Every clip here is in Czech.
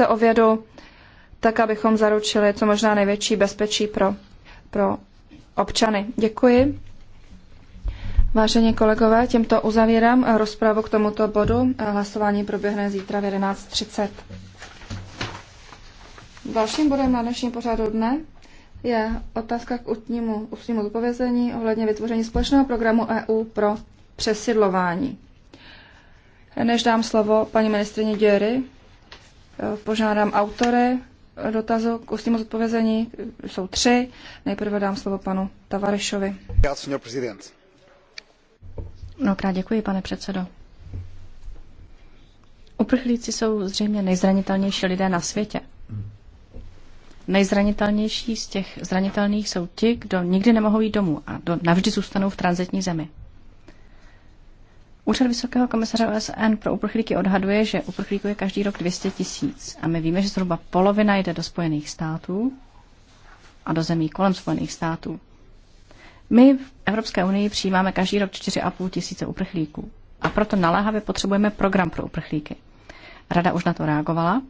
otázce o vědu, tak abychom zaručili co možná největší bezpečí pro, pro občany. Děkuji. Vážení kolegové, tímto uzavírám rozpravu k tomuto bodu. Hlasování proběhne zítra v 11.30. Dalším bodem na dnešním pořadu dne je otázka k ústnímu, ústnímu zodpovězení ohledně vytvoření společného programu EU pro přesidlování. Než dám slovo paní ministrině Děry, požádám autory dotazu k ústnímu zodpovězení. Jsou tři. Nejprve dám slovo panu Tavarešovi. Mnohokrát děkuji, pane předsedo. Uprchlíci jsou zřejmě nejzranitelnější lidé na světě. Nejzranitelnější z těch zranitelných jsou ti, kdo nikdy nemohou jít domů a do, navždy zůstanou v transitní zemi. Úřad Vysokého komisaře OSN pro uprchlíky odhaduje, že uprchlíků je každý rok 200 tisíc a my víme, že zhruba polovina jde do Spojených států a do zemí kolem Spojených států. My v Evropské unii přijímáme každý rok 4,5 tisíce uprchlíků a proto naléhavě potřebujeme program pro uprchlíky. Rada už na to reagovala.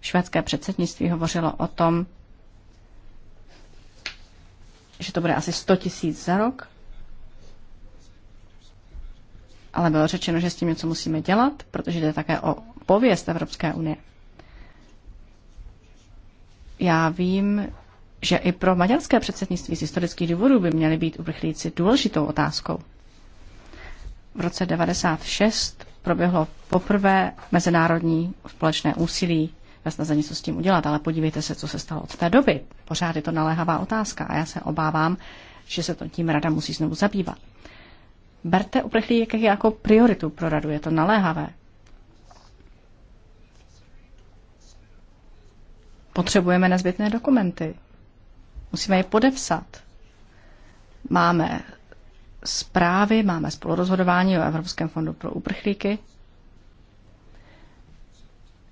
Švédské předsednictví hovořilo o tom, že to bude asi 100 tisíc za rok ale bylo řečeno, že s tím něco musíme dělat, protože jde také o pověst Evropské unie. Já vím, že i pro maďarské předsednictví z historických důvodů by měly být uprchlíci důležitou otázkou. V roce 96 proběhlo poprvé mezinárodní společné úsilí ve snaze něco s tím udělat, ale podívejte se, co se stalo od té doby. Pořád je to naléhavá otázka a já se obávám, že se to tím rada musí znovu zabývat. Berte uprchlíky jako prioritu pro radu, je to naléhavé. Potřebujeme nezbytné dokumenty. Musíme je podepsat. Máme zprávy, máme spolurozhodování o Evropském fondu pro uprchlíky.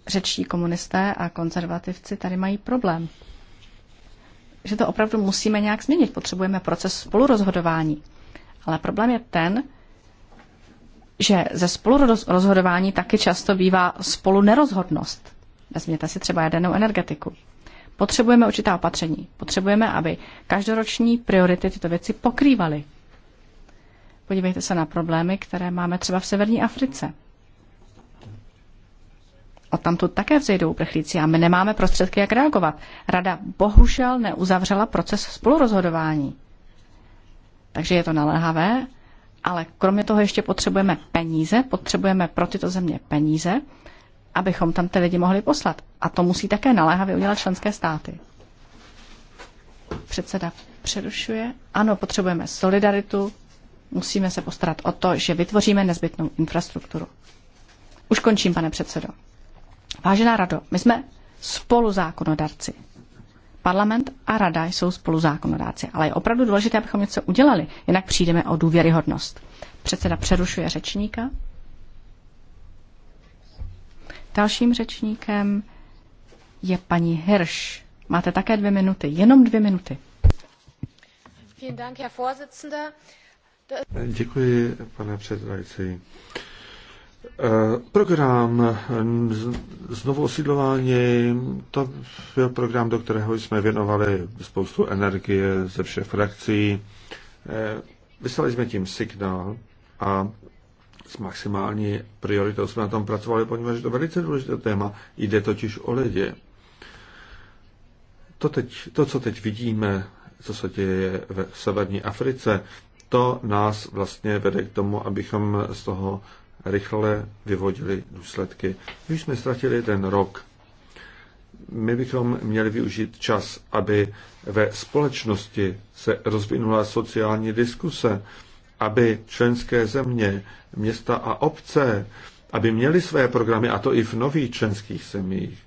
Řečtí komunisté a konzervativci tady mají problém. Že to opravdu musíme nějak změnit. Potřebujeme proces spolurozhodování. Ale problém je ten, že ze spolurozhodování taky často bývá spolu nerozhodnost. Vezměte si třeba jadernou energetiku. Potřebujeme určitá opatření. Potřebujeme, aby každoroční priority tyto věci pokrývaly. Podívejte se na problémy, které máme třeba v severní Africe. Od tamtud také vzejdou uprchlíci a my nemáme prostředky, jak reagovat. Rada bohužel neuzavřela proces spolurozhodování. Takže je to naléhavé ale kromě toho ještě potřebujeme peníze, potřebujeme pro tyto země peníze, abychom tam ty lidi mohli poslat. A to musí také naléhavě udělat členské státy. Předseda přerušuje. Ano, potřebujeme solidaritu, musíme se postarat o to, že vytvoříme nezbytnou infrastrukturu. Už končím, pane předsedo. Vážená Rado, my jsme spolu zákonodarci. Parlament a rada jsou zákonodáci, ale je opravdu důležité, abychom něco udělali, jinak přijdeme o důvěryhodnost. Předseda přerušuje řečníka. Dalším řečníkem je paní Hirsch. Máte také dvě minuty, jenom dvě minuty. Děkuji, pane předsedající. Eh, program eh, znovu osídlování, to byl program, do kterého jsme věnovali spoustu energie ze všech frakcí. Eh, vyslali jsme tím signál a s maximální prioritou jsme na tom pracovali, poněvadž to velice důležité téma. Jde totiž o lidi. To, teď, to, co teď vidíme, co se děje v severní Africe, to nás vlastně vede k tomu, abychom z toho rychle vyvodili důsledky. už jsme ztratili ten rok, my bychom měli využít čas, aby ve společnosti se rozvinula sociální diskuse, aby členské země, města a obce, aby měli své programy, a to i v nových členských zemích.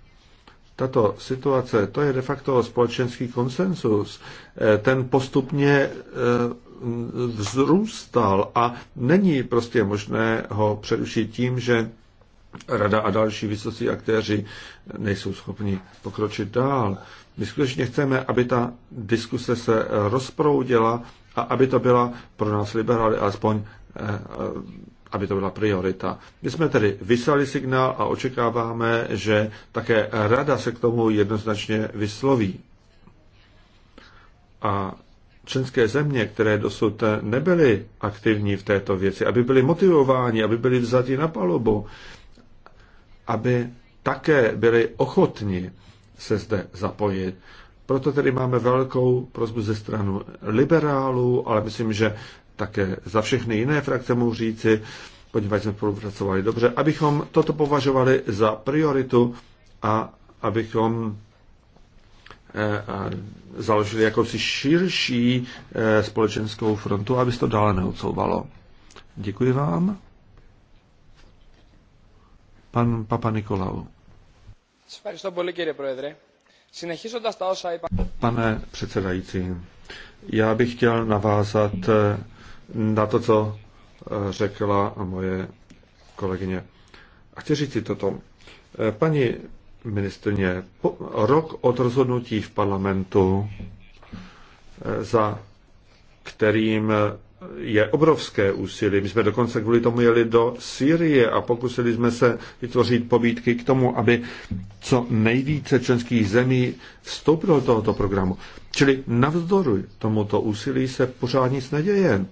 Tato situace, to je de facto společenský konsensus. Ten postupně eh, vzrůstal a není prostě možné ho přerušit tím, že rada a další vysocí aktéři nejsou schopni pokročit dál. My skutečně chceme, aby ta diskuse se rozproudila a aby to byla pro nás liberály alespoň eh, aby to byla priorita. My jsme tedy vyslali signál a očekáváme, že také rada se k tomu jednoznačně vysloví. A členské země, které dosud nebyly aktivní v této věci, aby byly motivováni, aby byly vzati na palubu, aby také byli ochotni se zde zapojit. Proto tedy máme velkou prozbu ze stranu liberálů, ale myslím, že také za všechny jiné frakce mohu říci, poněvadž jsme spolupracovali dobře, abychom toto považovali za prioritu a abychom Eh, a založili jakousi širší eh, společenskou frontu, aby se to dále neodsouvalo. Děkuji vám. Pan Papa Nikolau. Pane předsedající, já bych chtěl navázat eh, na to, co řekla moje kolegyně. A chci říct si toto. Paní ministrně, rok od rozhodnutí v parlamentu, eh, za kterým eh, je obrovské úsilí. My jsme dokonce kvůli tomu jeli do Sýrie a pokusili jsme se vytvořit pobídky k tomu, aby co nejvíce členských zemí vstoupilo do tohoto programu. Čili navzdory tomuto úsilí se pořád nic neděje.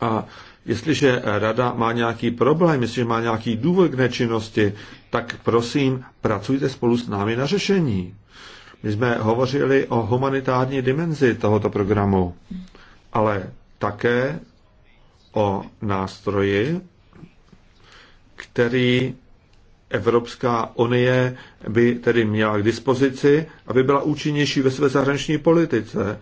A Jestliže rada má nějaký problém, jestliže má nějaký důvod k nečinnosti, tak prosím, pracujte spolu s námi na řešení. My jsme hovořili o humanitární dimenzi tohoto programu, ale také o nástroji, který Evropská unie by tedy měla k dispozici, aby byla účinnější ve své zahraniční politice.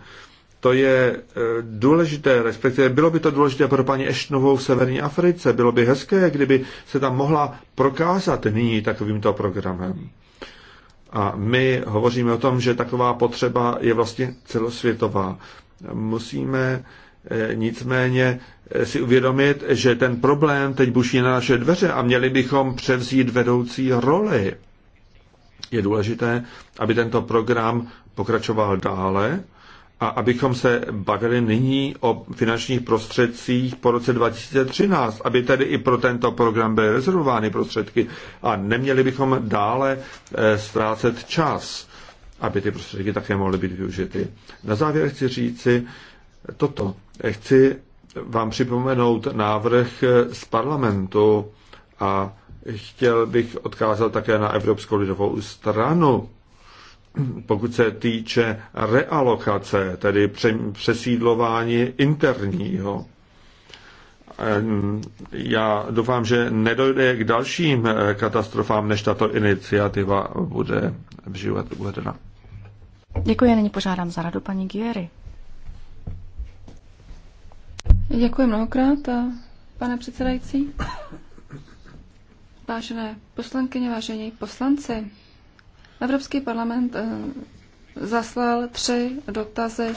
To je e, důležité, respektive bylo by to důležité pro paní Eštnovou v Severní Africe. Bylo by hezké, kdyby se tam mohla prokázat nyní takovýmto programem. A my hovoříme o tom, že taková potřeba je vlastně celosvětová. Musíme e, nicméně e, si uvědomit, že ten problém teď buší na naše dveře a měli bychom převzít vedoucí roli. Je důležité, aby tento program pokračoval dále a abychom se bavili nyní o finančních prostředcích po roce 2013, aby tedy i pro tento program byly rezervovány prostředky a neměli bychom dále eh, ztrácet čas, aby ty prostředky také mohly být využity. Na závěr chci říci eh, toto. Eh, chci vám připomenout návrh z parlamentu a chtěl bych odkázat také na Evropskou lidovou stranu, pokud se týče realokace, tedy přesídlování interního. Eh, já doufám, že nedojde k dalším eh, katastrofám, než tato iniciativa bude v život uvedena. Děkuji, nyní požádám za radu paní Giery. Děkuji mnohokrát, eh, pane předsedající. Vážené poslankyně, vážení poslanci, Evropský parlament eh, zaslal tři dotazy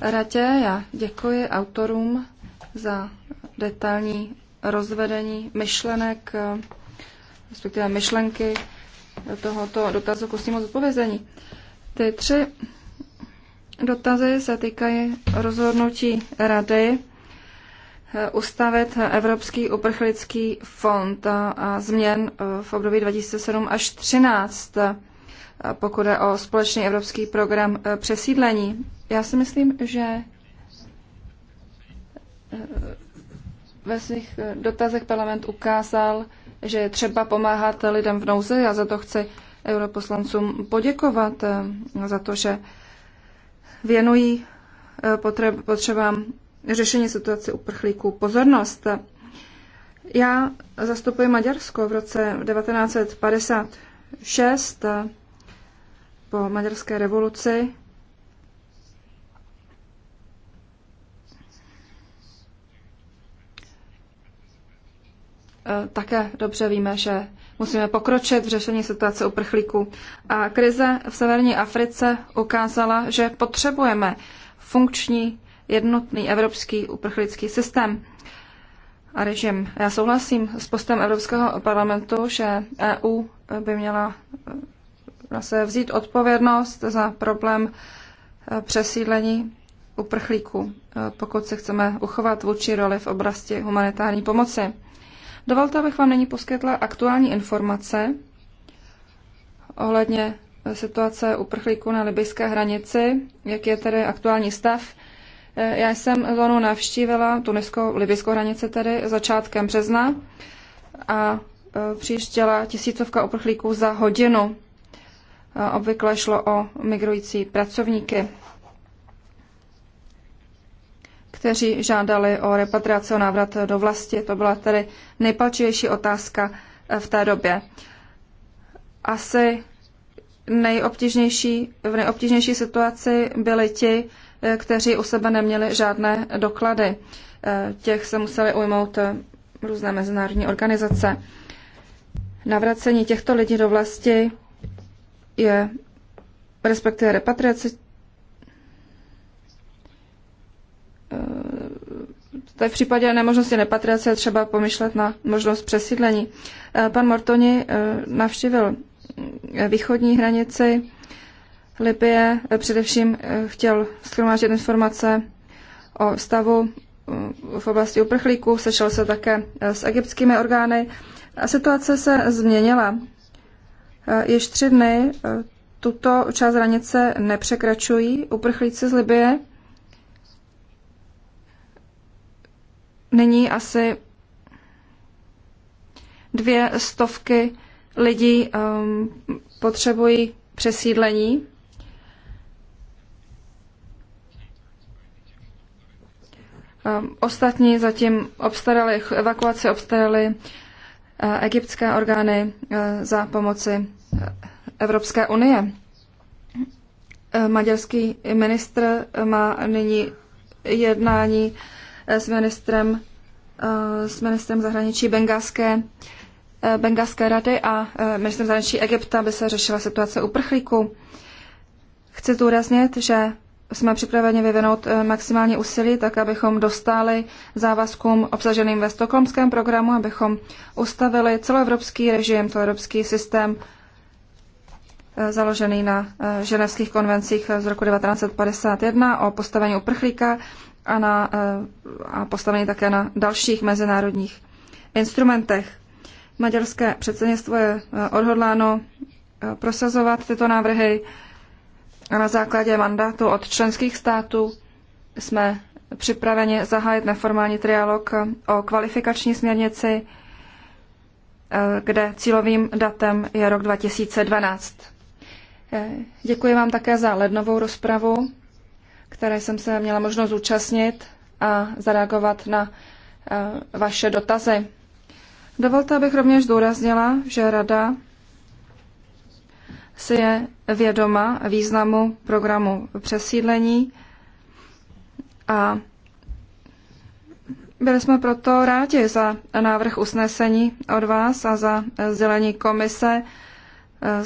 Radě. Já děkuji autorům za detailní rozvedení myšlenek, eh, respektive myšlenky tohoto dotazu k ústnímu zodpovězení. Ty tři dotazy se týkají rozhodnutí Rady eh, ustavit Evropský uprchlický fond a změn v období 2007 až 2013 pokud je o společný evropský program eh, přesídlení. Já si myslím, že eh, ve svých eh, dotazech parlament ukázal, že je třeba pomáhat lidem v nouzi. Já za to chci europoslancům poděkovat, za to, že věnují potřebám řešení situace uprchlíků pozornost. Já zastupuji Maďarsko v roce 1956 po maďarské revoluci. E, také dobře víme, že musíme pokročit v řešení situace uprchlíků. A krize v severní Africe ukázala, že potřebujeme funkční jednotný evropský uprchlický systém a režim. Já souhlasím s postem Evropského parlamentu, že EU by měla se vzít odpovědnost za problém eh, přesídlení uprchlíků, eh, pokud se chceme uchovat vůči roli v oblasti humanitární pomoci. Dovolte, abych vám nyní poskytla aktuální informace ohledně situace uprchlíků na libyské hranici, jak je tedy aktuální stav. Eh, já jsem zónu navštívila, tuniskou, libyskou hranici tedy, začátkem března a přijížděla tisícovka uprchlíků za hodinu. Obvykle šlo o migrující pracovníky, kteří žádali o repatriaci, o návrat do vlasti. To byla tedy nejpalčivější otázka eh, v té době. Asi nejobtížnější, v nejobtížnější situaci byli ti, eh, kteří u sebe neměli žádné doklady. Eh, těch se museli ujmout různé mezinárodní organizace. Navracení těchto lidí do vlasti je respektive repatriace eh, Tady v případě nemožnosti repatriace třeba pomyšlet na možnost přesídlení. Eh, pan Mortoni eh, navštívil východní hranici Libie, především chtěl schromáždit informace o stavu v oblasti uprchlíků, sešel se také s egyptskými orgány a situace se změnila. Eh, Již tři dny eh, tuto část hranice nepřekračují uprchlíci z Libie. Nyní asi dvě stovky lidí um, potřebují přesídlení. Um, ostatní zatím obstarali, evakuaci obstarali egyptské orgány e, za pomoci Evropské unie. E, maďarský ministr má nyní jednání s ministrem, e, s ministrem zahraničí Bengáské, Bengáské rady a ministrem zahraničí Egypta, aby se řešila situace uprchlíků. Chci zdůraznit, že jsme připraveni vyvinout eh, maximální úsilí, tak abychom dostali závazkům obsaženým ve stokholmském programu, abychom ustavili celoevropský režim, celoevropský systém eh, založený na eh, ženevských konvencích z roku 1951 o postavení uprchlíka a, na, a postavení také na dalších mezinárodních instrumentech. Maďarské předsednictvo je odhodláno prosazovat tyto návrhy a na základě mandátu od členských států jsme připraveni zahájit neformální trialog o kvalifikační směrnici, eh, kde cílovým datem je rok 2012. Eh, děkuji vám také za lednovou rozpravu, které jsem se měla možnost zúčastnit a zareagovat na eh, vaše dotazy. Dovolte, abych rovněž zdůraznila, že Rada si je vědoma významu programu přesídlení a byli jsme proto rádi za návrh usnesení od vás a za sdělení komise eh,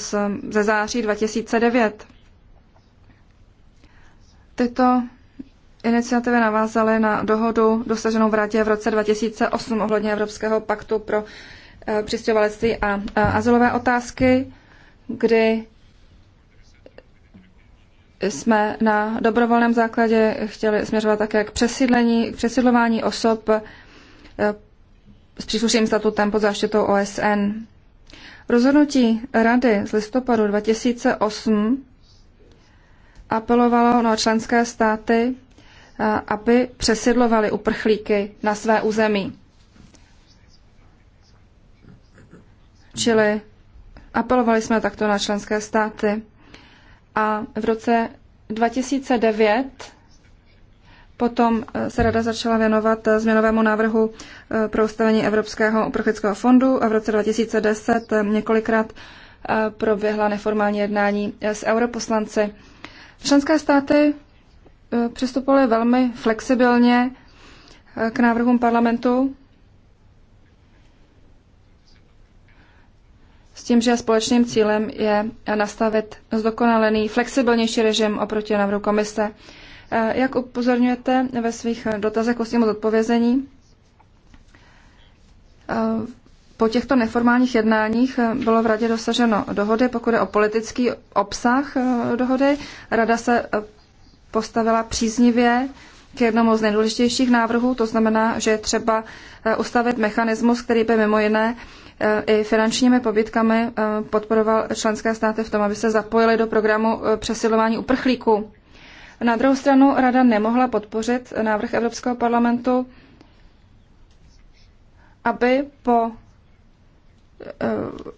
ze září 2009. Tyto iniciativy navázaly na dohodu dosaženou v Radě v roce 2008 ohledně Evropského paktu pro eh, přistěhovalectví a eh, azylové otázky kdy jsme na dobrovolném základě chtěli směřovat také k přesídlení, k přesídlování osob eh, s příslušným statutem pod záštitou OSN. Rozhodnutí Rady z listopadu 2008 apelovalo na členské státy, eh, aby přesidlovali uprchlíky na své území. Čili Apelovali jsme takto na členské státy. A v roce 2009 potom eh, se rada začala věnovat eh, změnovému návrhu eh, pro ustavení Evropského uprchlického fondu a v roce 2010 několikrát proběhla neformální jednání s europoslanci. Členské státy přistupovaly velmi flexibilně k návrhům parlamentu s tím, že společným cílem je nastavit zdokonalený, flexibilnější režim oproti návrhu komise. Eh, jak upozorňujete ve svých dotazech o svým odpovězení, eh, po těchto neformálních jednáních eh, bylo v Radě dosaženo dohody, pokud je o politický obsah dohody. Rada se postavila příznivě k jednomu z nejdůležitějších návrhů, to znamená, že je třeba ustavit mechanismus, který by mimo jiné i finančními pobytkami eh, podporoval členské státy v tom, aby se zapojili do programu eh, přesilování uprchlíků. Na druhou stranu Rada nemohla podpořit návrh Evropského parlamentu, aby po eh,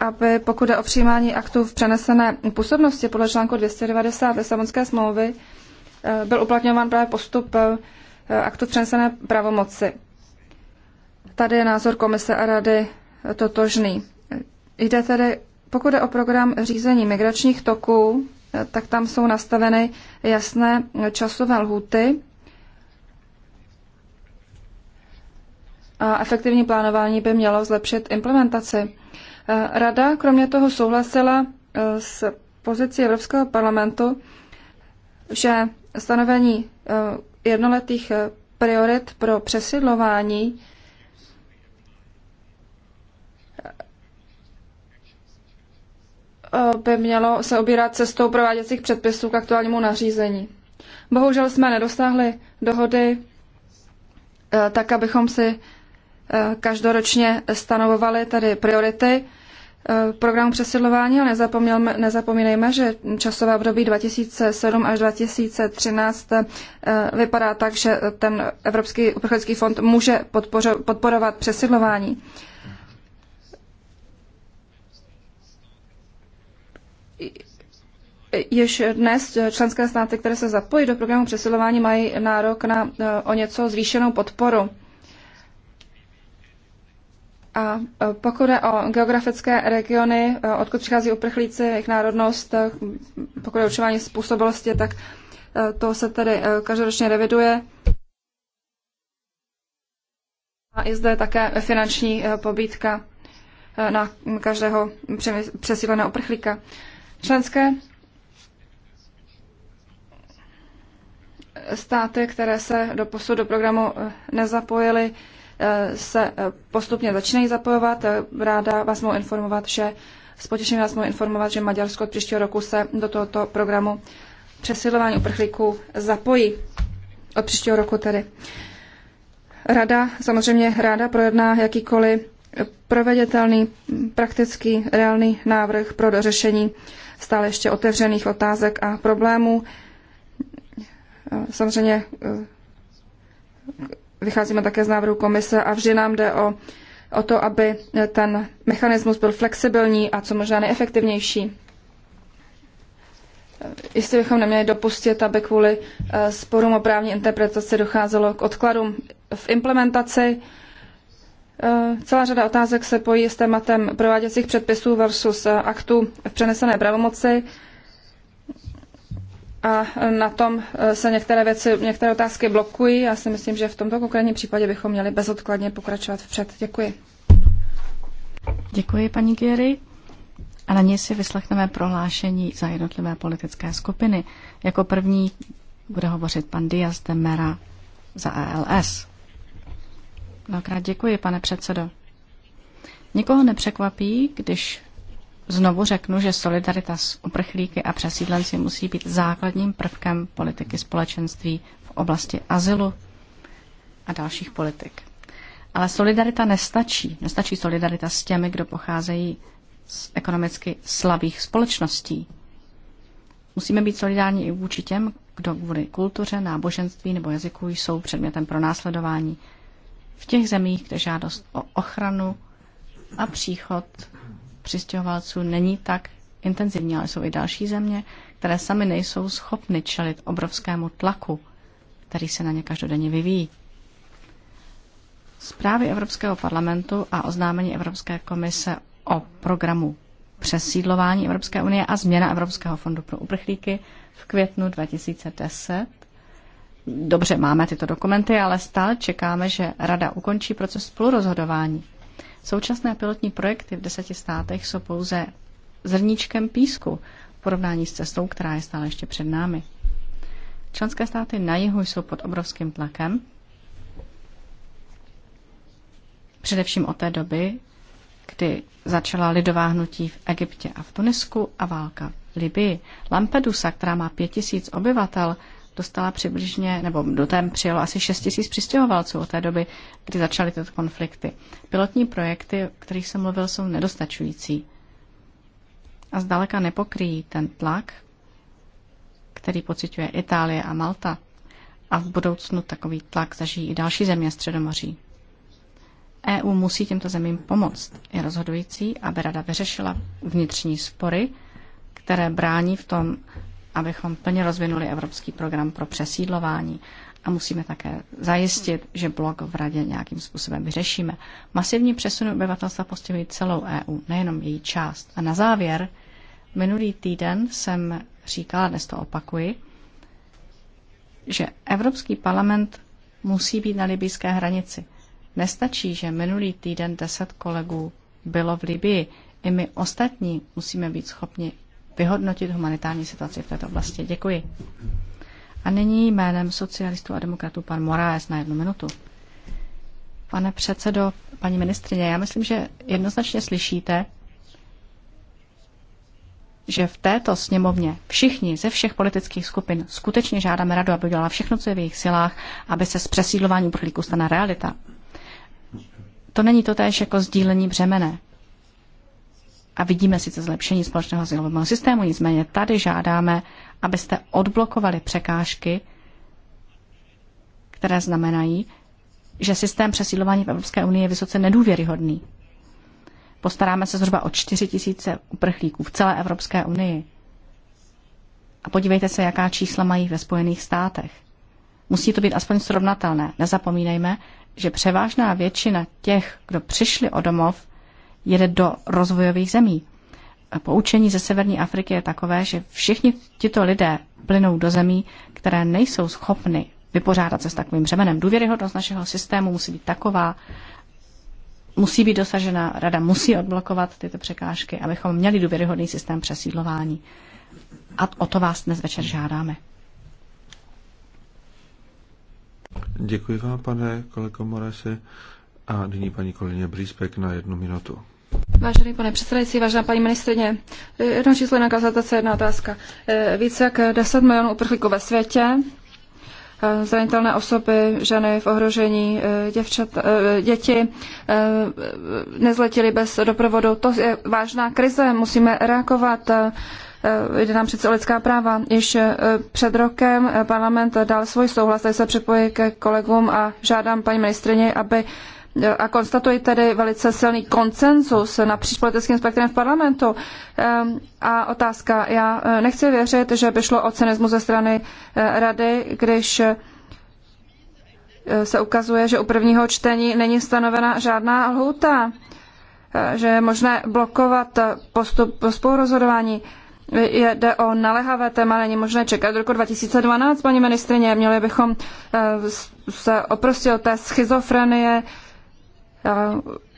aby pokud je o přijímání aktů v přenesené působnosti podle článku 290 Lisabonské smlouvy, byl uplatňován právě postup aktu přenesené pravomoci. Tady je názor komise a rady totožný. Jde tedy, pokud je o program řízení migračních toků, tak tam jsou nastaveny jasné časové lhuty a efektivní plánování by mělo zlepšit implementaci. Rada kromě toho souhlasila eh, s pozicí Evropského parlamentu, že stanovení eh, jednoletých eh, priorit pro přesidlování Eh, by mělo se obírat cestou prováděcích předpisů k aktuálnímu nařízení. Bohužel jsme nedosáhli dohody eh, tak, abychom si eh, každoročně stanovovali tady priority programu přesidlování, ale nezapomínejme, že časové období 2007 až 2013 vypadá tak, že ten Evropský uprchlický fond může podporovat přesidlování. Již dnes členské státy, které se zapojí do programu přesilování, mají nárok na eh, o něco zvýšenou podporu. A eh, pokud je o geografické regiony, eh, odkud přichází uprchlíci, jejich národnost, pokud je určování způsobilosti, tak to se tedy každoročně reviduje. A je zde také finanční pobídka na každého přesíleného uprchlíka. Členské státy, které se do posud do programu eh, nezapojily, eh, se eh, postupně začínají zapojovat. Ráda vás mohu informovat, že s potěšením vás mohu informovat, že Maďarsko od příštího roku se do tohoto programu přesilování uprchlíků zapojí. Od příštího roku tedy. Rada samozřejmě ráda projedná jakýkoliv proveditelný, praktický, reálný návrh pro dořešení stále ještě otevřených otázek a problémů. Samozřejmě eh, vycházíme také z návrhu komise a vždy nám jde o, o to, aby ten mechanismus byl flexibilní a co možná nejefektivnější. Jistě bychom neměli dopustit, aby kvůli eh, sporům o právní interpretaci docházelo k odkladům v implementaci Eh, celá řada otázek se pojí s tématem prováděcích předpisů versus eh, aktů v přenesené pravomoci a eh, na tom se některé věci, některé otázky blokují. Já si myslím, že v tomto konkrétním případě bychom měli bezodkladně pokračovat vpřed. Děkuji. Děkuji, paní Gery. A na něj si vyslechneme prohlášení za jednotlivé politické skupiny. Jako první bude hovořit pan Diaz de Mera za ALS. Mnohokrát děkuji, pane předsedo. Nikoho nepřekvapí, když znovu řeknu, že solidarita s uprchlíky a přesídlenci musí být základním prvkem politiky společenství v oblasti azylu a dalších politik. Ale solidarita nestačí. Nestačí solidarita s těmi, kdo pocházejí z ekonomicky slabých společností. Musíme být solidární i vůči těm, kdo kvůli kultuře, náboženství nebo jazyku jsou předmětem pro následování v těch zemích, kde žádost o ochranu a příchod přistěhovalců není tak intenzivní, ale jsou i další země, které sami nejsou schopny čelit obrovskému tlaku, který se na ně každodenně vyvíjí. Zprávy Evropského parlamentu a oznámení Evropské komise o programu přesídlování Evropské unie a změna Evropského fondu pro uprchlíky v květnu 2010 dobře máme tyto dokumenty, ale stále čekáme, že Rada ukončí proces spolurozhodování. Současné pilotní projekty v deseti státech jsou pouze zrníčkem písku v porovnání s cestou, která je stále ještě před námi. Členské státy na jihu jsou pod obrovským tlakem, především od té doby, kdy začala lidová hnutí v Egyptě a v Tunisku a válka v Libii. Lampedusa, která má pět tisíc obyvatel, dostala přibližně, nebo do té přijelo asi 6 tisíc přistěhovalců od té doby, kdy začaly tyto konflikty. Pilotní projekty, o kterých jsem mluvil, jsou nedostačující a zdaleka nepokryjí ten tlak, který pociťuje Itálie a Malta. A v budoucnu takový tlak zažijí i další země Středomoří. EU musí těmto zemím pomoct. Je rozhodující, aby rada vyřešila vnitřní spory, které brání v tom, abychom plně rozvinuli evropský program pro přesídlování a musíme také zajistit, že blok v radě nějakým způsobem vyřešíme. Masivní přesuny obyvatelstva postihují celou EU, nejenom její část. A na závěr, minulý týden jsem říkala, dnes to opakuji, že Evropský parlament musí být na libijské hranici. Nestačí, že minulý týden deset kolegů bylo v Libii. I my ostatní musíme být schopni vyhodnotit humanitární situaci v této oblasti. Děkuji. A nyní jménem socialistů a demokratů pan Moraes na jednu minutu. Pane předsedo, paní ministrině, já myslím, že jednoznačně slyšíte, že v této sněmovně všichni ze všech politických skupin skutečně žádáme radu, aby udělala všechno, co je v jejich silách, aby se z přesídlování uprchlíků stala realita. To není to též jako sdílení břemene a vidíme sice zlepšení společného azylového systému, nicméně tady žádáme, abyste odblokovali překážky, které znamenají, že systém přesídlování v Evropské unii je vysoce nedůvěryhodný. Postaráme se zhruba o 4 tisíce uprchlíků v celé Evropské unii. A podívejte se, jaká čísla mají ve Spojených státech. Musí to být aspoň srovnatelné. Nezapomínejme, že převážná většina těch, kdo přišli o domov, jede do rozvojových zemí. Poučení ze severní Afriky je takové, že všichni tito lidé plynou do zemí, které nejsou schopny vypořádat se s takovým břemenem. Důvěryhodnost našeho systému musí být taková, musí být dosažena, rada musí odblokovat tyto překážky, abychom měli důvěryhodný systém přesídlování. A o to vás dnes večer žádáme. Děkuji vám, pane kolego Moresi. A nyní paní kolegyně Brýspek na jednu minutu. Vážený pane předsedající, vážená paní ministrině, jedno číslo, jedna konstatace, jedna otázka. Eh, více jak 10 milionů uprchlíků ve světě, eh, zranitelné osoby, ženy v ohrožení, eh, děvčat, děti nezletili bez doprovodu. To je vážná krize, musíme reagovat. Jde nám přece o lidská práva. Již před rokem parlament dal svůj souhlas, tady se připojí ke kolegům a žádám paní ministrině, aby a konstatuji tedy velice silný konsenzus napříč politickým spektrem v parlamentu. Ehm, a otázka, já eh, nechci věřit, že by šlo o cynismus ze strany eh, rady, když eh, se ukazuje, že u prvního čtení není stanovena žádná lhůta, že je možné blokovat postup spolurozhodování. Jde o naléhavé téma, není možné čekat do roku 2012, paní ministrině. Měli bychom se oprostit od té schizofrenie,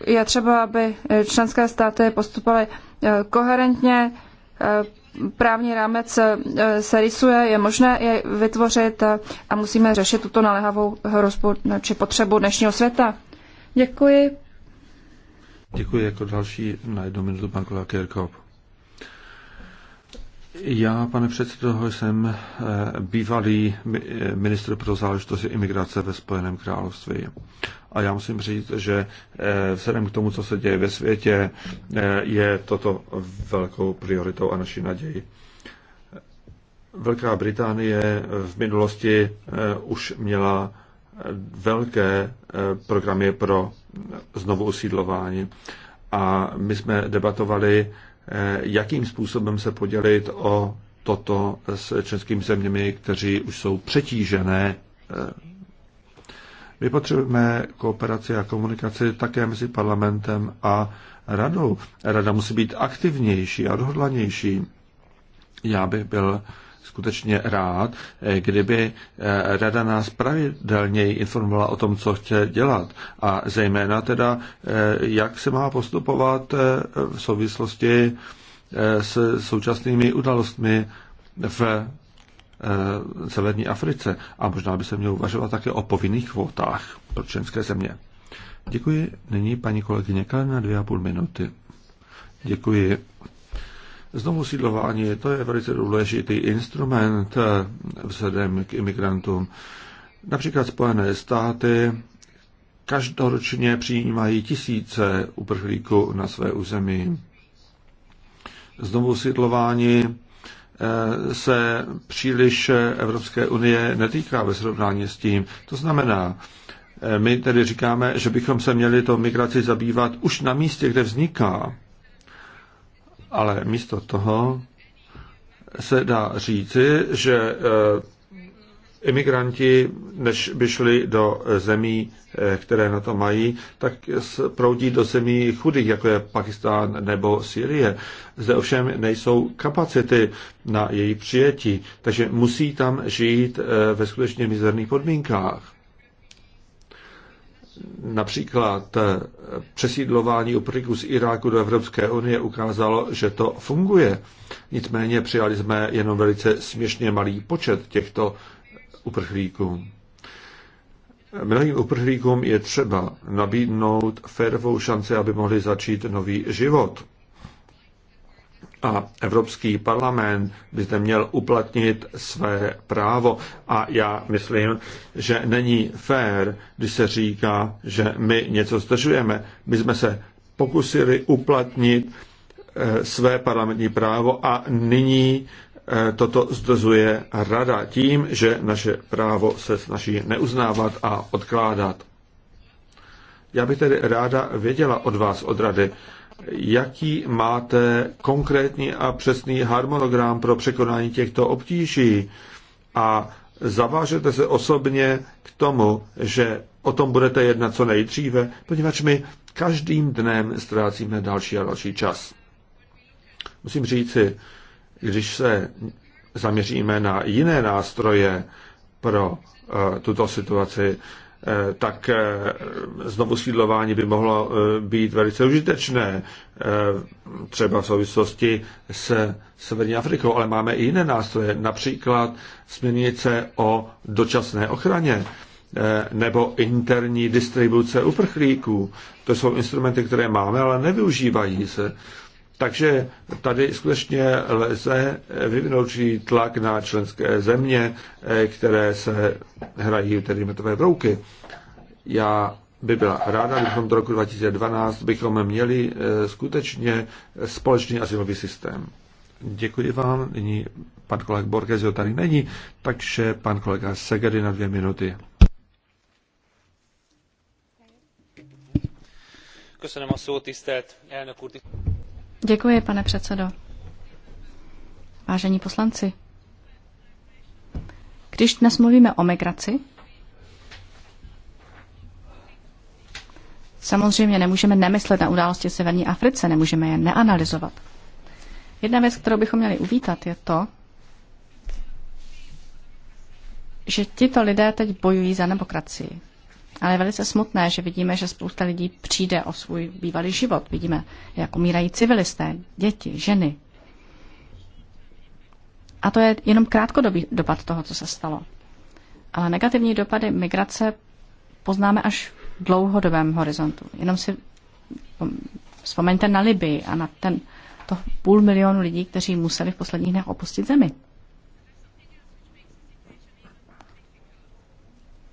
je třeba, aby členské státy postupovaly eh, koherentně, eh, právní rámec eh, se rysuje, je možné je vytvořit a musíme řešit tuto naléhavou hrozbu či potřebu dnešního světa. Děkuji. Děkuji jako další na jednu minutu pan já, pane předsedo, jsem eh, bývalý ministr pro záležitosti imigrace ve Spojeném království. A já musím říct, že eh, vzhledem k tomu, co se děje ve světě, eh, je toto velkou prioritou a naší naději. Velká Británie v minulosti už měla velké programy pro znovu usídlování. A my jsme debatovali Eh, jakým způsobem se podělit o toto s českými zeměmi, kteří už jsou přetížené. Eh. My potřebujeme kooperaci a komunikaci také mezi parlamentem a radou. Rada musí být aktivnější a odhodlanější. Já bych byl skutečně rád, eh, kdyby eh, rada nás pravidelněji informovala o tom, co chce dělat a zejména teda, eh, jak se má postupovat v souvislosti s současnými událostmi v severní Africe a možná by se mělo uvažovat také o povinných kvótách pro členské země. Děkuji. Nyní paní kolegyně Kalina dvě a půl minuty. Děkuji. Znovu sídlování, to je velice důležitý instrument eh, vzhledem k imigrantům. Například Spojené státy každoročně přijímají tisíce uprchlíků na své území. Znovu sídlování eh, se příliš Evropské unie netýká ve srovnání s tím. To znamená, eh, my tedy říkáme, že bychom se měli to migraci zabývat už na místě, kde vzniká. Ale místo toho se dá říci, že eh, imigranti, než by šli do zemí, eh, které na to mají, tak proudí do zemí chudých, jako je Pakistán nebo Syrie. Zde ovšem nejsou kapacity na její přijetí, takže musí tam žít eh, ve skutečně mizerných podmínkách. Například eh, přesídlování uprchlíků z Iráku do Evropské unie ukázalo, že to funguje. Nicméně přijali jsme jenom velice směšně malý počet těchto uprchlíků. Mnohým uprchlíkům je třeba nabídnout férovou šanci, aby mohli začít nový život a Evropský parlament by zde měl uplatnit své právo. A já myslím, že není fér, když se říká, že my něco zdržujeme. My jsme se pokusili uplatnit eh, své parlamentní právo a nyní eh, toto zdržuje rada tím, že naše právo se snaží neuznávat a odkládat. Já bych tedy ráda věděla od vás, od rady, jaký máte konkrétní a přesný harmonogram pro překonání těchto obtíží a zavážete se osobně k tomu, že o tom budete jednat co nejdříve, poněvadž my každým dnem ztrácíme další a další čas. Musím říci, když se zaměříme na jiné nástroje pro uh, tuto situaci, Eh, tak eh, znovu sídlování by mohlo eh, být velice užitečné, třeba v souvislosti s Severní Afrikou, ale máme i jiné nástroje, například směrnice o dočasné ochraně nebo interní distribuce uprchlíků. To jsou instrumenty, které máme, ale nevyužívají se. Takže tady skutečně lze vyvinout tlak na členské země, eh, které se hrají tedy metové brouky. Já by byla ráda, kdybychom do roku 2012 bychom měli eh, skutečně společný asilový systém. Děkuji vám. Nyní pan kolega Borgesio tady není, takže pan kolega Segedy na dvě minuty. Děkuji, pane předsedo. Vážení poslanci, když dnes mluvíme o migraci, samozřejmě nemůžeme nemyslet na události v Severní Africe, nemůžeme je neanalizovat. Jedna věc, kterou bychom měli uvítat, je to, že tito lidé teď bojují za demokracii. Ale je velice smutné, že vidíme, že spousta lidí přijde o svůj bývalý život. Vidíme, jak umírají civilisté, děti, ženy. A to je jenom krátkodobý dopad toho, co se stalo. Ale negativní dopady migrace poznáme až v dlouhodobém horizontu. Jenom si vzpomeňte na Libii a na ten, to půl milionu lidí, kteří museli v posledních dnech opustit zemi.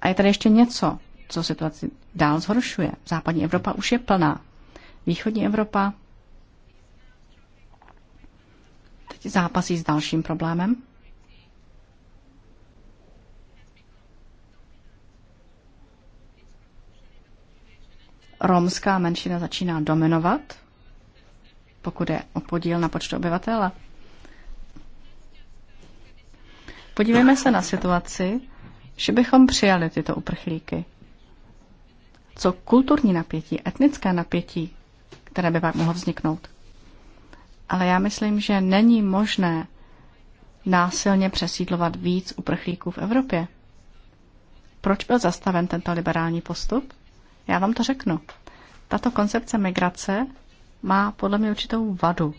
A je tady ještě něco, co situaci dál zhoršuje. Západní Evropa už je plná. Východní Evropa teď zápasí s dalším problémem. Romská menšina začíná dominovat, pokud je o podíl na počtu obyvatele. Podívejme se na situaci, že bychom přijali tyto uprchlíky co kulturní napětí, etnické napětí, které by pak mohlo vzniknout. Ale já myslím, že není možné násilně přesídlovat víc uprchlíků v Evropě. Proč byl zastaven tento liberální postup? Já vám to řeknu. Tato koncepce migrace má podle mě určitou vadu.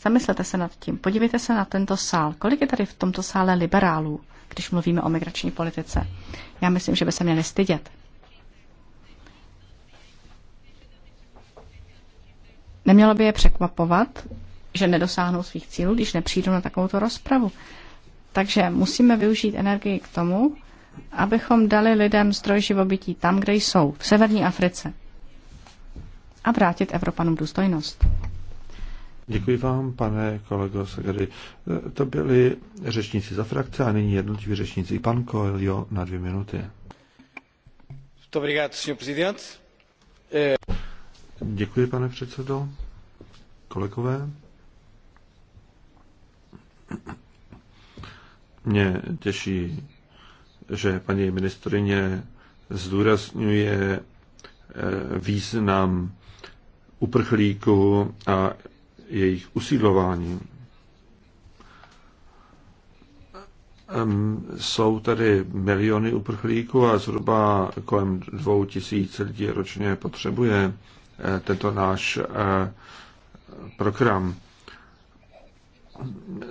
Zamyslete se nad tím. Podívejte se na tento sál. Kolik je tady v tomto sále liberálů, když mluvíme o migrační politice? Já myslím, že by se měli stydět. Nemělo by je překvapovat, že nedosáhnou svých cílů, když nepřijdou na takovouto rozpravu. Takže musíme využít energii k tomu, abychom dali lidem zdroj živobytí tam, kde jsou, v severní Africe. A vrátit Evropanům důstojnost. Děkuji vám, pane kolego Segary. To byli řečníci za frakce a nyní jednotliví řečníci. Pan Koelio na dvě minuty. Děkuji, pane předsedo kolegové. Mě těší, že paní ministrině zdůrazňuje eh, význam uprchlíků a jejich usídlování. Jsou tady miliony uprchlíků a zhruba kolem dvou tisíc lidí ročně potřebuje eh, tento náš eh, program.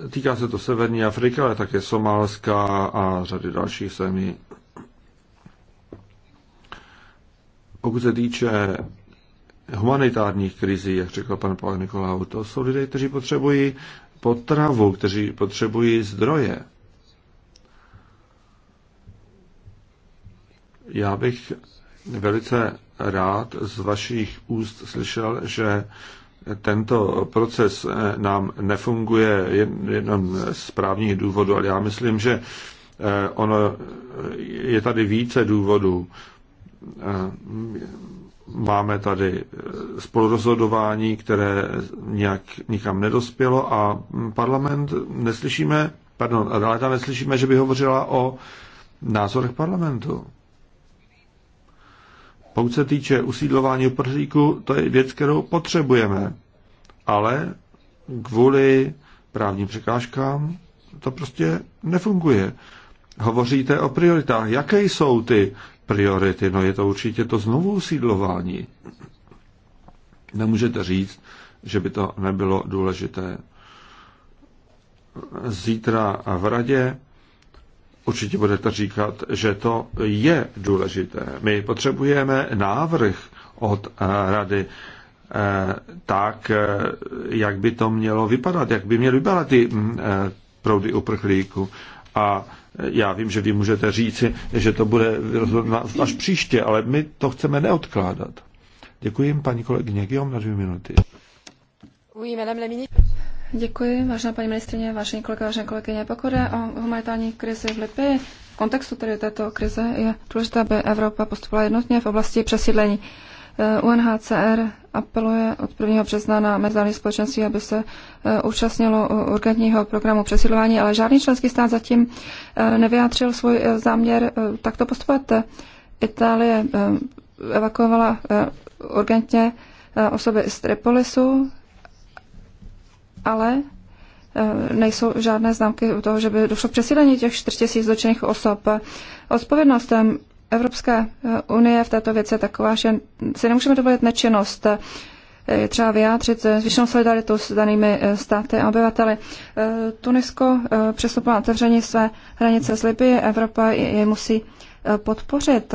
Týká se to Severní Afriky, ale také Somálska a řady dalších zemí. Pokud se týče humanitárních krizí, jak řekl pan Pavel Nikolau, to jsou lidé, kteří potřebují potravu, kteří potřebují zdroje. Já bych velice rád z vašich úst slyšel, že tento proces eh, nám nefunguje jenom z právních důvodů, ale já myslím, že eh, ono je tady více důvodů. Eh, máme tady spolurozhodování, které nějak nikam nedospělo a parlament neslyšíme, pardon, ale dále neslyšíme, že by hovořila o názorech parlamentu. Pokud se týče usídlování uprchlíků, to je věc, kterou potřebujeme. Ale kvůli právním překážkám to prostě nefunguje. Hovoříte o prioritách. Jaké jsou ty priority? No je to určitě to znovu usídlování. Nemůžete říct, že by to nebylo důležité. Zítra v radě určitě budete říkat, že to je důležité. My potřebujeme návrh od eh, rady eh, tak, eh, jak by to mělo vypadat, jak by měly vypadat ty mm, proudy uprchlíků. A já vím, že vy můžete říci, že to bude až příště, ale my to chceme neodkládat. Děkuji, paní kolegyně na dvě minuty. Děkuji, vážená paní ministrině, vážení kolegové, vážené kolegyně. Pokud je o humanitární krizi v Libii, v kontextu tedy této krize je důležité, aby Evropa postupovala jednotně v oblasti přesídlení. Eh, UNHCR apeluje od 1. března na mezinárodní společenství, aby se eh, účastnilo eh, urgentního programu přesídlování, ale žádný členský stát zatím nevyjádřil svůj záměr takto postupovat. Itálie evakuovala urgentně osoby z Tripolisu, ale eh, nejsou žádné známky toho, že by došlo k přesídlení těch 4 000 zločinných osob. Odpovědnostem Evropské eh, unie v této věci je taková, že si nemůžeme dovolit nečinnost. Eh, je třeba vyjádřit zvýšenou solidaritu s danými státy a obyvateli. Tunisko přistupuje na otevření své hranice s Libii. Evropa je musí podpořit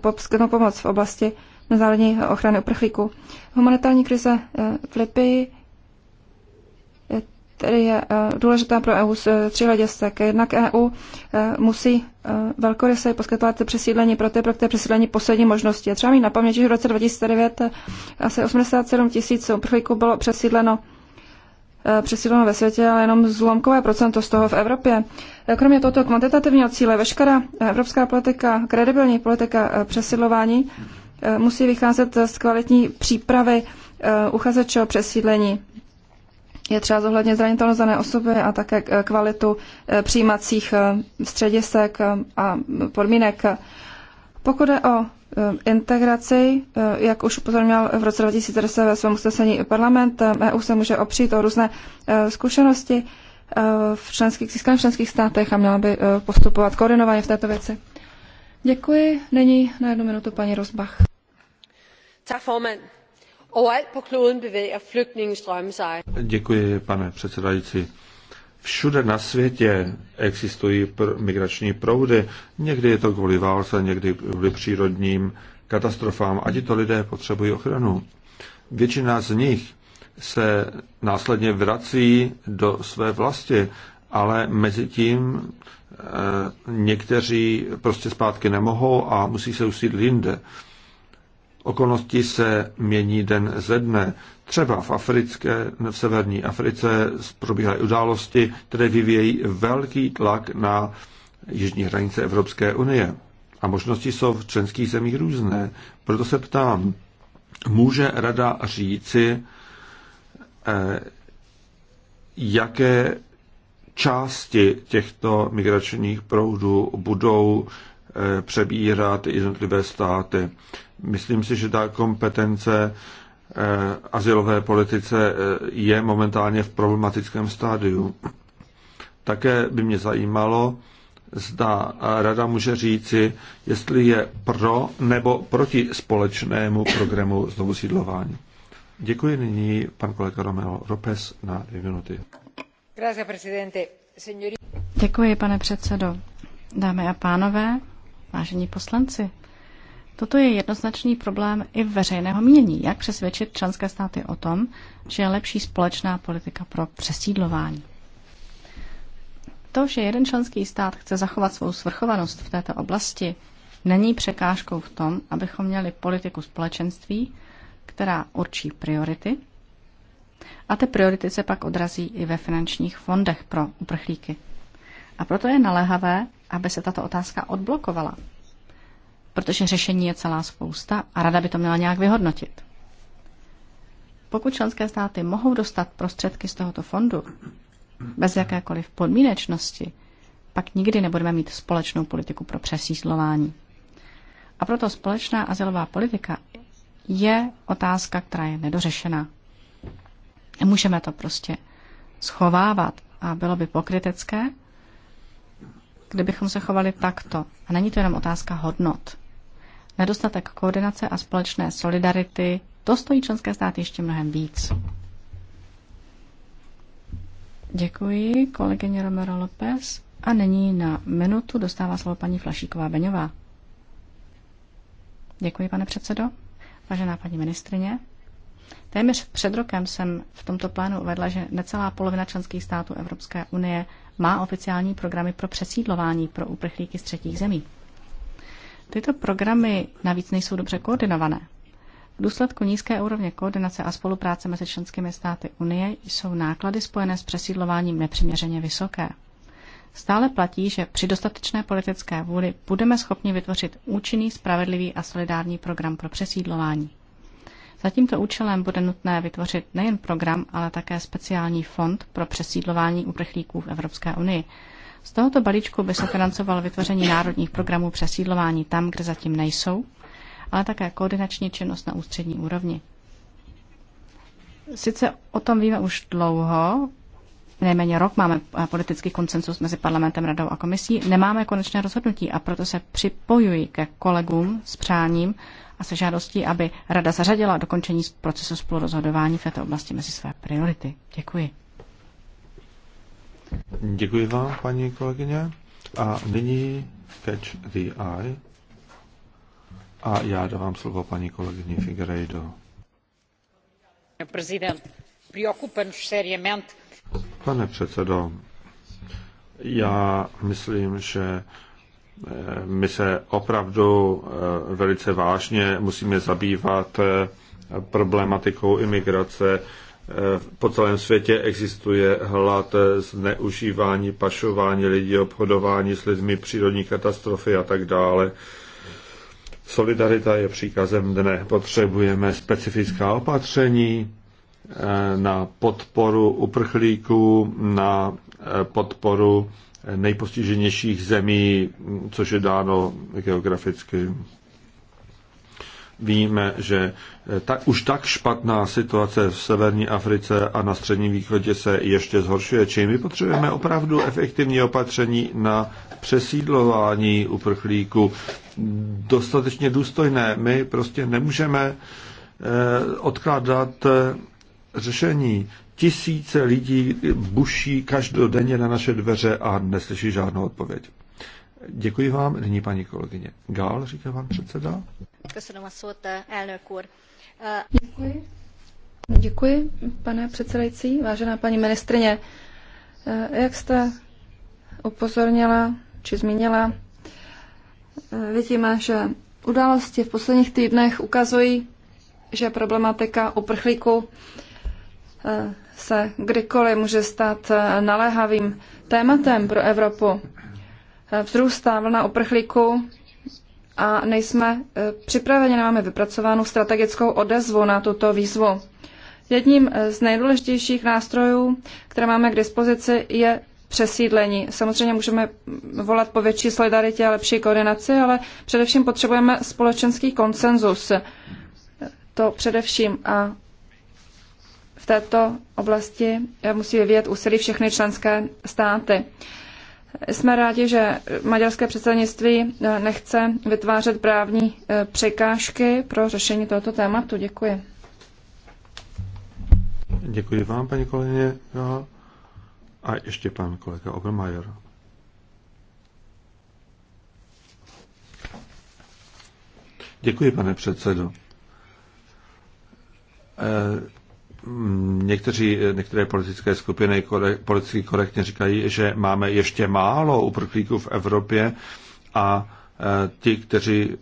poskytnout pomoc v oblasti mezinárodní ochrany uprchlíků. Humanitární krize v Libii který je eh, důležitá pro EU z eh, tří hledisek. Jednak EU eh, musí velkoryse poskytovat přesídlení pro ty, pro které přesídlení poslední možnosti. Je třeba mít na paměti, že v roce 2009 asi 87 tisíc uprchlíků bylo přesídleno přesídleno ve světě, ale jenom zlomkové procento z toho v Evropě. Kromě tohoto kvantitativního cíle veškerá evropská politika, kredibilní politika přesídlování musí vycházet z kvalitní přípravy uchazeče o přesídlení. Je třeba zohlednit zranitelnost dané osoby a také eh, kvalitu eh, přijímacích eh, středisek a podmínek. Pokud je o integraci, jak už upozorňoval v roce 2010 ve svém usnesení parlament, EU e se může opřít o různé zkušenosti v členských, získaných členských státech a měla by postupovat koordinovaně v této věci. Děkuji. Není na jednu minutu paní Rozbach. Tak, Děkuji, pane předsedající. Všude na světě existují pr- migrační proudy. Někdy je to kvůli válce, někdy kvůli přírodním katastrofám. A tito lidé potřebují ochranu. Většina z nich se následně vrací do své vlasti, ale mezi tím e, někteří prostě zpátky nemohou a musí se usídlit jinde. E, okolnosti se mění den ze dne. Třeba v, Africké, v severní Africe probíhají události, které vyvíjejí velký tlak na jižní hranice Evropské unie. A možnosti jsou v členských zemích různé. Proto se ptám, může rada říci, eh, jaké části těchto migračních proudů budou eh, přebírat jednotlivé státy. Myslím si, že ta kompetence eh, asilové politice eh, je momentálně v problematickém stádiu. Také by mě zajímalo, zda rada může říci, jestli je pro nebo proti společnému programu znovu sídlování. Děkuji nyní pan kolega Romeo Ropes na dvě minuty. Děkuji, pane předsedo. Dámy a pánové, vážení poslanci, Toto je jednoznačný problém i v veřejného mínění. Jak přesvědčit členské státy o tom, že je lepší společná politika pro přesídlování? To, že jeden členský stát chce zachovat svou svrchovanost v této oblasti, není překážkou v tom, abychom měli politiku společenství, která určí priority a ty priority se pak odrazí i ve finančních fondech pro uprchlíky. A proto je naléhavé, aby se tato otázka odblokovala protože řešení je celá spousta a rada by to měla nějak vyhodnotit. Pokud členské státy mohou dostat prostředky z tohoto fondu bez jakékoliv podmínečnosti, pak nikdy nebudeme mít společnou politiku pro přesídlování. A proto společná asilová politika je otázka, která je nedořešená. Nemůžeme to prostě schovávat a bylo by pokrytecké, kdybychom se chovali takto. A není to jenom otázka hodnot. Nedostatek koordinace a společné solidarity, to stojí členské státy ještě mnohem víc. Děkuji, kolegyně Romero López. A nyní na minutu dostává slovo paní Flašíková Beňová. Děkuji, pane předsedo. Vážená paní ministrině, téměř před rokem jsem v tomto plánu uvedla, že necelá polovina členských států Evropské unie má oficiální programy pro přesídlování pro uprchlíky z třetích zemí. Tyto programy navíc nejsou dobře koordinované. V důsledku nízké úrovně koordinace a spolupráce mezi členskými státy Unie jsou náklady spojené s přesídlováním nepřiměřeně vysoké. Stále platí, že při dostatečné politické vůli budeme schopni vytvořit účinný, spravedlivý a solidární program pro přesídlování. Za tímto účelem bude nutné vytvořit nejen program, ale také speciální fond pro přesídlování uprchlíků v Evropské unii, z tohoto balíčku by se financovalo vytvoření národních programů přesídlování tam, kde zatím nejsou, ale také koordinační činnost na ústřední úrovni. Sice o tom víme už dlouho, nejméně rok máme politický koncensus mezi parlamentem, radou a komisí, nemáme konečné rozhodnutí a proto se připojuji ke kolegům s přáním a se žádostí, aby rada zařadila dokončení procesu spolurozhodování v této oblasti mezi své priority. Děkuji. Děkuji vám, paní kolegyně. A nyní catch the eye. A já dávám slovo paní kolegyni Figueiredo. Pane předsedo, já myslím, že eh, my se opravdu eh, velice vážně musíme zabývat eh, problematikou imigrace Eh, po celém světě existuje hlad, eh, zneužívání, pašování lidí, obchodování s lidmi, přírodní katastrofy a tak dále. Solidarita je příkazem dne. Potřebujeme specifická opatření eh, na podporu uprchlíků, na podporu nejpostiženějších zemí, což je dáno geograficky víme, že eh, ta už tak špatná situace v severní Africe a na středním východě se ještě zhoršuje. Čím my potřebujeme opravdu efektivní opatření na přesídlování uprchlíků, dostatečně důstojné. My prostě nemůžeme eh, odkládat eh, řešení. Tisíce lidí buší každodenně na naše dveře a neslyší žádnou odpověď. Děkuji vám. Nyní paní kolegyně Gál, říká vám předseda. Eh, eh, Děkuji. Děkuji, pane předsedající. Vážená paní ministrině, eh, jak jste upozornila či zmínila, vidíme, že události v posledních týdnech ukazují, že problematika uprchlíků se kdykoliv může stát naléhavým tématem pro Evropu. Vzrůstá vlna uprchlíků a nejsme e, připraveni, nemáme vypracovanou strategickou odezvu na tuto výzvu. Jedním e, z nejdůležitějších nástrojů, které máme k dispozici, je přesídlení. Samozřejmě můžeme volat po větší solidaritě a lepší koordinaci, ale především potřebujeme společenský konsenzus. To především a v této oblasti e, musí vyvíjet úsilí všechny členské státy. Jsme rádi, že maďarské předsednictví eh, nechce vytvářet právní eh, překážky pro řešení tohoto tématu. Děkuji. Děkuji vám, paní kolegyně. A ještě pan kolega Obermajer. Děkuji, pane předsedo. Eh, Někteří, některé politické skupiny politicky korektně říkají, že máme ještě málo uprchlíků v Evropě a e, ti, kteří e,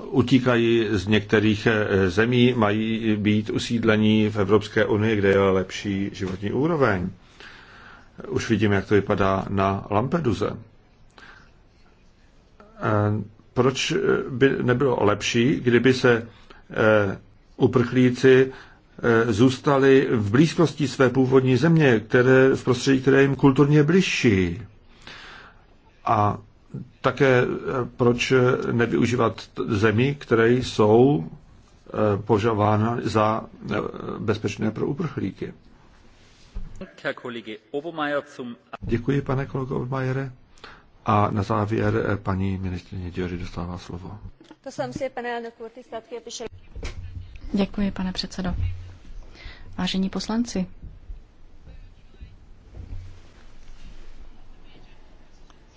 utíkají z některých e, zemí, mají být usídlení v Evropské unii, kde je lepší životní úroveň. Už vidím, jak to vypadá na Lampeduze. Proč by nebylo lepší, kdyby se uprchlíci Eh, zůstali v blízkosti své původní země, které, v prostředí, které jim kulturně bližší. A také eh, proč nevyužívat zemí, které jsou eh, požadována za bezpečné pro uprchlíky. Děkuji, pane kolego Obermajere. A na závěr paní ministrině Děři dostává slovo. Děkuji, pane předsedo. Vážení poslanci,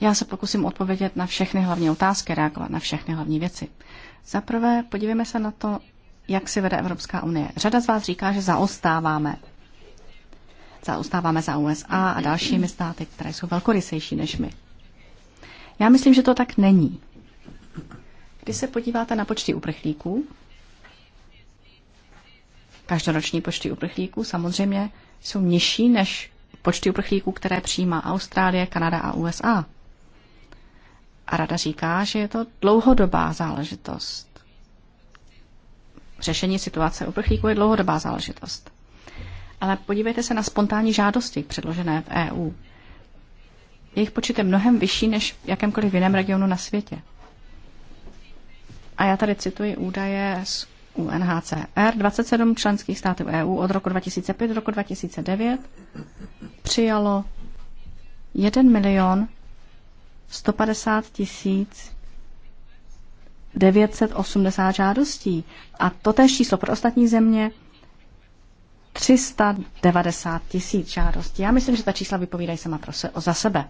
já se pokusím odpovědět na všechny hlavní otázky, reagovat na všechny hlavní věci. Za prvé, podívejme se na to, jak si vede Evropská unie. Řada z vás říká, že zaostáváme. Zaostáváme za USA a dalšími státy, které jsou velkorysejší než my. Já myslím, že to tak není. Když se podíváte na počty uprchlíků, Každoroční počty uprchlíků samozřejmě jsou nižší než počty uprchlíků, které přijímá Austrálie, Kanada a USA. A rada říká, že je to dlouhodobá záležitost. Řešení situace uprchlíků je dlouhodobá záležitost. Ale podívejte se na spontánní žádosti předložené v EU. Jejich počet je mnohem vyšší než v jakémkoliv jiném regionu na světě. A já tady cituji údaje z UNHCR 27 členských států EU od roku 2005 do roku 2009 přijalo 1 milion 150 tisíc 980 žádostí a totéž číslo pro ostatní země 390 tisíc žádostí. Já myslím, že ta čísla vypovídají sama pro se, o za sebe.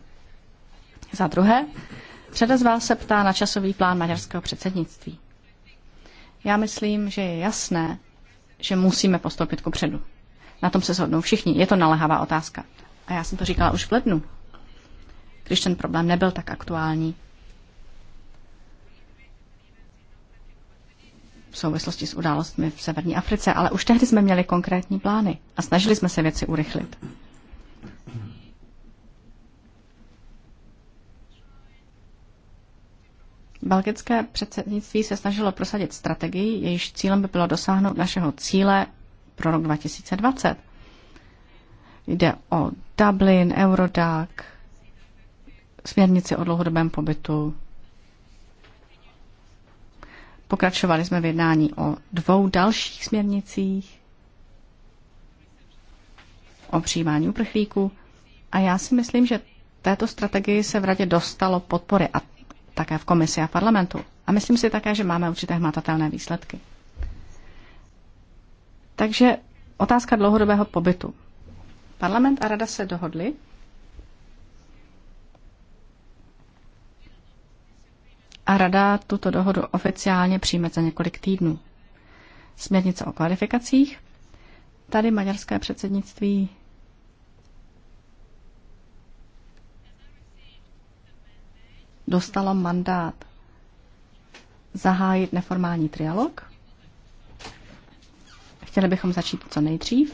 Za druhé, řada z vás se ptá na časový plán maďarského předsednictví. Já myslím, že je jasné, že musíme postoupit ku předu. Na tom se shodnou všichni. Je to nalehavá otázka. A já jsem to říkala už v lednu, když ten problém nebyl tak aktuální. v souvislosti s událostmi v severní Africe, ale už tehdy jsme měli konkrétní plány a snažili jsme se věci urychlit. Belgické předsednictví se snažilo prosadit strategii, jejíž cílem by bylo dosáhnout našeho cíle pro rok 2020. Jde o Dublin, Eurodac, směrnici o dlouhodobém pobytu. Pokračovali jsme v jednání o dvou dalších směrnicích, o přijímání uprchlíků. A já si myslím, že této strategii se v radě dostalo podpory. A také v komisi a v parlamentu. A myslím si také, že máme určité hmatatelné výsledky. Takže otázka dlouhodobého pobytu. Parlament a rada se dohodli, a rada tuto dohodu oficiálně přijme za několik týdnů. Směrnice o kvalifikacích. Tady maďarské předsednictví dostalo mandát zahájit neformální trialog. Chtěli bychom začít co nejdřív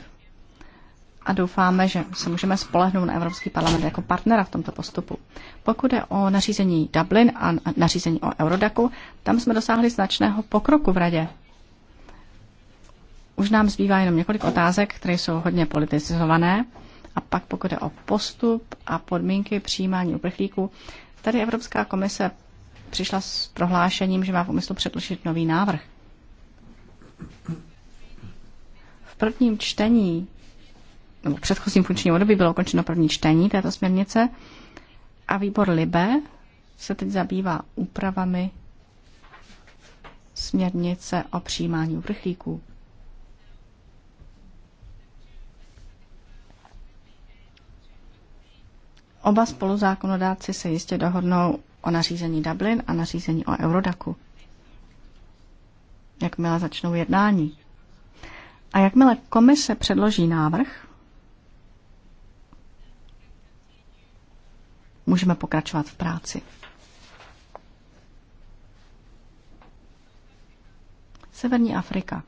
a doufáme, že se můžeme spolehnout na Evropský parlament jako partnera v tomto postupu. Pokud je o nařízení Dublin a nařízení o Eurodaku, tam jsme dosáhli značného pokroku v radě. Už nám zbývá jenom několik otázek, které jsou hodně politizované. A pak pokud je o postup a podmínky přijímání uprchlíků, Tady Evropská komise přišla s prohlášením, že má v úmyslu předložit nový návrh. V prvním čtení, nebo v předchozím funkčním období bylo ukončeno první čtení této směrnice a výbor Libe se teď zabývá úpravami směrnice o přijímání uprchlíků. Oba spoluzákonodáci se jistě dohodnou o nařízení Dublin a nařízení o Eurodaku. Jakmile začnou jednání. A jakmile komise předloží návrh, můžeme pokračovat v práci. Severní Afrika.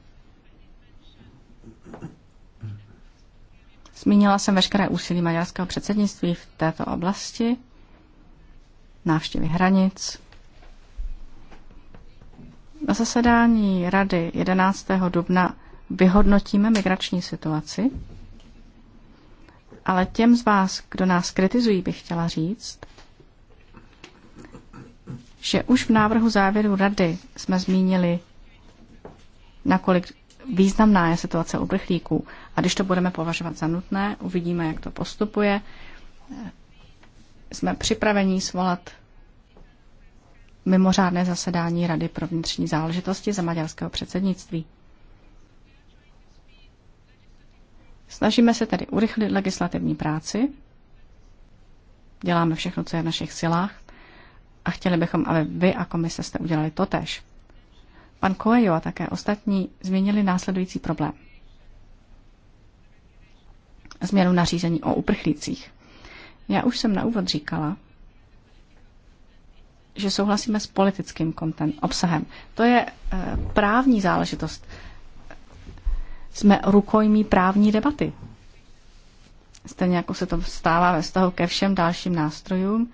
Zmínila jsem veškeré úsilí maďarského předsednictví v této oblasti, návštěvy hranic. Na zasedání rady 11. dubna vyhodnotíme migrační situaci, ale těm z vás, kdo nás kritizují, bych chtěla říct, že už v návrhu závěru rady jsme zmínili, nakolik významná je situace uprchlíků. A když to budeme považovat za nutné, uvidíme, jak to postupuje. Jsme připraveni svolat mimořádné zasedání Rady pro vnitřní záležitosti za maďarského předsednictví. Snažíme se tedy urychlit legislativní práci, děláme všechno, co je v našich silách a chtěli bychom, aby vy a komise jste udělali totež. Pan Coelho a také ostatní změnili následující problém. Změnu nařízení o uprchlících. Já už jsem na úvod říkala, že souhlasíme s politickým content, obsahem. To je e, právní záležitost. Jsme rukojmí právní debaty. Stejně jako se to stává ve vztahu ke všem dalším nástrojům,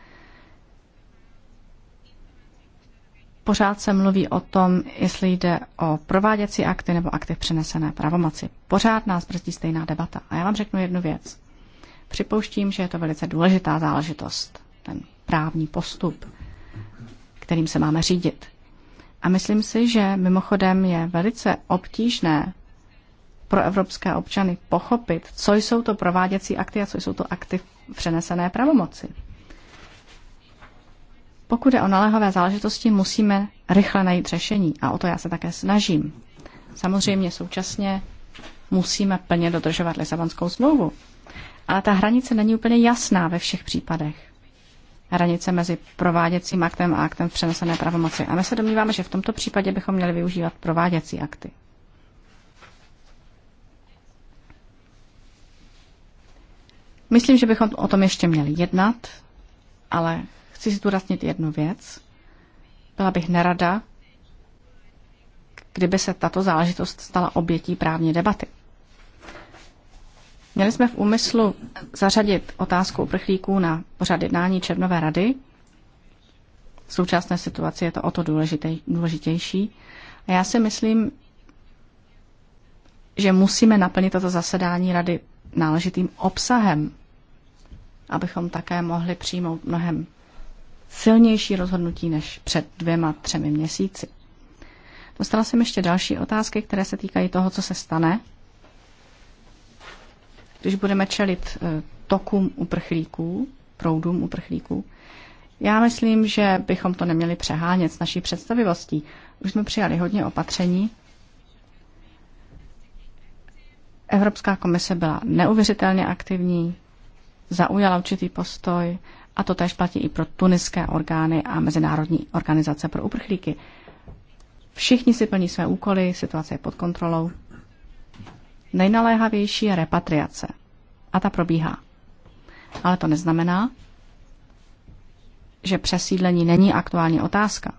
Pořád se mluví o tom, jestli jde o prováděcí akty nebo akty přenesené pravomoci. Pořád nás brzdí stejná debata. A já vám řeknu jednu věc. Připouštím, že je to velice důležitá záležitost, ten právní postup, kterým se máme řídit. A myslím si, že mimochodem je velice obtížné pro evropské občany pochopit, co jsou to prováděcí akty a co jsou to akty v přenesené pravomoci. Pokud je o naléhavé záležitosti, musíme rychle najít řešení a o to já se také snažím. Samozřejmě současně musíme plně dodržovat Lisabonskou smlouvu. Ale ta hranice není úplně jasná ve všech případech. Hranice mezi prováděcím aktem a aktem v přenesené pravomoci. A my se domníváme, že v tomto případě bychom měli využívat prováděcí akty. Myslím, že bychom o tom ještě měli jednat, ale Chci zdůraznit jednu věc. Byla bych nerada, kdyby se tato záležitost stala obětí právní debaty. Měli jsme v úmyslu zařadit otázku uprchlíků na pořad jednání Černové rady. V současné situaci je to o to důležitej, důležitější. A já si myslím, že musíme naplnit toto zasedání rady náležitým obsahem, abychom také mohli přijmout mnohem silnější rozhodnutí než před dvěma, třemi měsíci. Dostala jsem ještě další otázky, které se týkají toho, co se stane, když budeme čelit eh, tokům uprchlíků, proudům uprchlíků. Já myslím, že bychom to neměli přehánět s naší představivostí. Už jsme přijali hodně opatření. Evropská komise byla neuvěřitelně aktivní, zaujala určitý postoj a to též platí i pro tuniské orgány a Mezinárodní organizace pro uprchlíky. Všichni si plní své úkoly, situace je pod kontrolou. Nejnaléhavější je repatriace. A ta probíhá. Ale to neznamená, že přesídlení není aktuální otázka.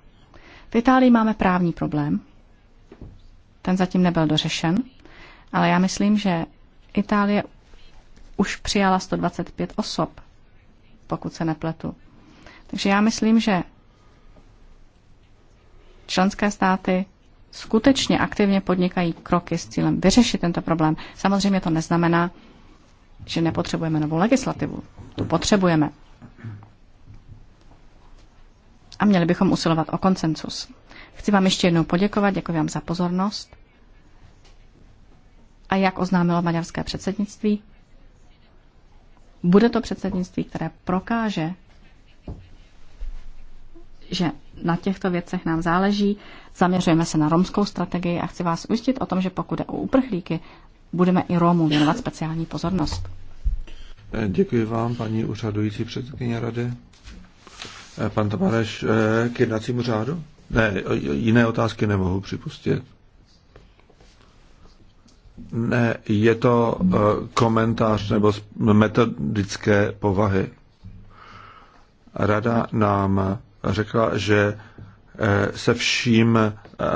V Itálii máme právní problém. Ten zatím nebyl dořešen, ale já myslím, že Itálie už přijala 125 osob pokud se nepletu. Takže já myslím, že členské státy skutečně aktivně podnikají kroky s cílem vyřešit tento problém. Samozřejmě to neznamená, že nepotřebujeme novou legislativu. Tu potřebujeme. A měli bychom usilovat o koncensus. Chci vám ještě jednou poděkovat, děkuji vám za pozornost. A jak oznámilo maďarské předsednictví, bude to předsednictví, které prokáže, že na těchto věcech nám záleží. Zaměřujeme se na romskou strategii a chci vás ujistit o tom, že pokud je o uprchlíky, budeme i Romům věnovat speciální pozornost. Eh, děkuji vám, paní úřadující předsedkyně rady. Eh, pan Tamareš, eh, k jednacímu řádu? Ne, jiné otázky nemohu připustit. Ne, je to eh, komentář nebo metodické povahy. Rada nám řekla, že eh, se vším eh,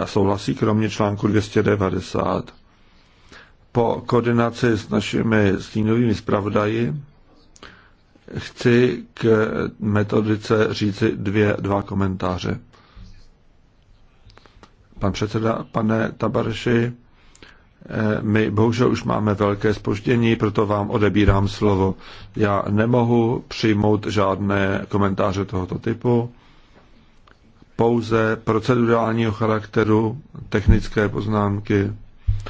souhlasí, kromě článku 290. Po koordinaci s našimi stínovými zpravodaji chci k metodice říci dvě, dva komentáře. Pan předseda, pane Tabarši, Eh, my bohužel už máme velké spoždění, proto vám odebírám slovo. Já nemohu přijmout žádné komentáře tohoto typu, pouze procedurálního charakteru, technické poznámky.